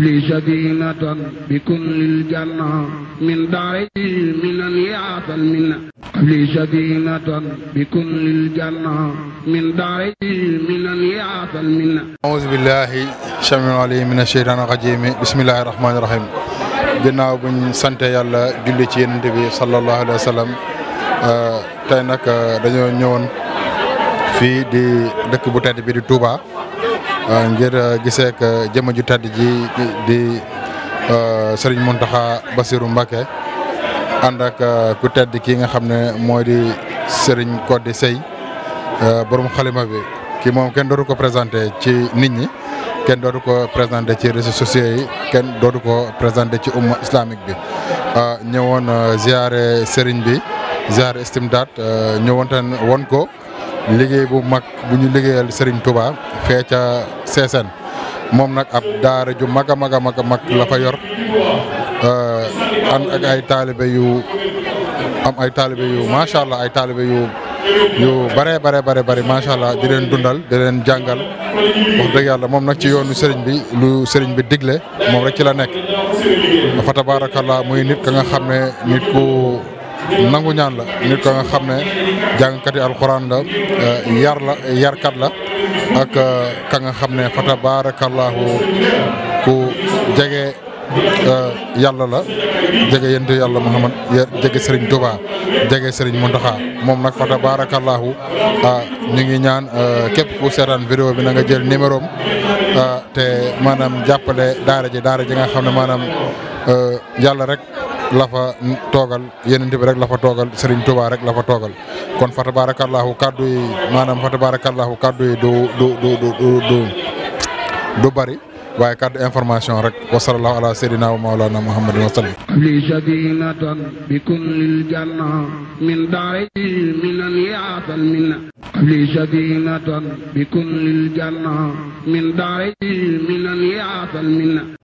li sadinatan bi kullil janna min daari minan yaatal minna li sadinatan bi kullil janna min daari minan yaatal minna auzu billahi samil alim min asheytaan rajim bismillahi rahmaani rahim ginnaaw buñ sante yàlla julli ci yonent bi sallallahu alayhi wa sallam tey nag dañoo ñëwoon fii di dëkk bu tedd bi di Touba Euh, ngir euh, gisee ak euh, jëmm ju tedd ji di Serigne Mountakha Bassirou mbake ànd ak ku tedd kii nga xam ne mooy di Serigne Codé Seye borom xalima bi kii moom kenn dootu ko présenté ci nit ñi kenn dootu ko présenté ci réseaux sociaux yi kenn dootu ko présenté ci umma islamique bi ñëwoon ziare Serigne bi ziare Istimdad ñëwoon tan won ko. liggéey bu mag bu ñu liggéeyal Serigne Touba fee ca Seesen moom nag ab daara ju mag a mag a mag a yor ànd ak ay yu am ay taalibe yu macha ay taalibe yu yu bare bare bare bare macha allah di leen dundal di leen jàngal dëgg yàlla moom nag ci yoonu sëriñ bi lu sëriñ bi digle moom rek ci la nekk dafa tabaarakallah muy nit ka nga xam nit ku. nangu ñaan la nit ka nga xam ne jàngkati alxuraan la eh, yar la yarkat la ak eh, ka xam ne fa tabaarakallaahu ku jege eh, yàlla la jege yénte yàlla Muhammad jege Serigne Touba jege Serigne Mountakha moom nag fa tabaarakallaahu ñu ngi ñaan képp ku seetaan vidéo bi na nga jël numéro te maanaam jàppale daara ji daara ji nga xam ne maanaam yàlla rek la toogal yeneen rek lafa toogal Serigne Touba rek la toogal kon fa tabaarakallaahu kaddu yi maanaam fa tabaarakallaahu kaddu yi du du du du du bari waaye kaddu information rek wa sallallahu ala sayyidina wa mawlana muhammadin li sadinatan bi kullil janna min dari minan yaatal minna li sadinatan bi kullil janna min dari minan yaatal minna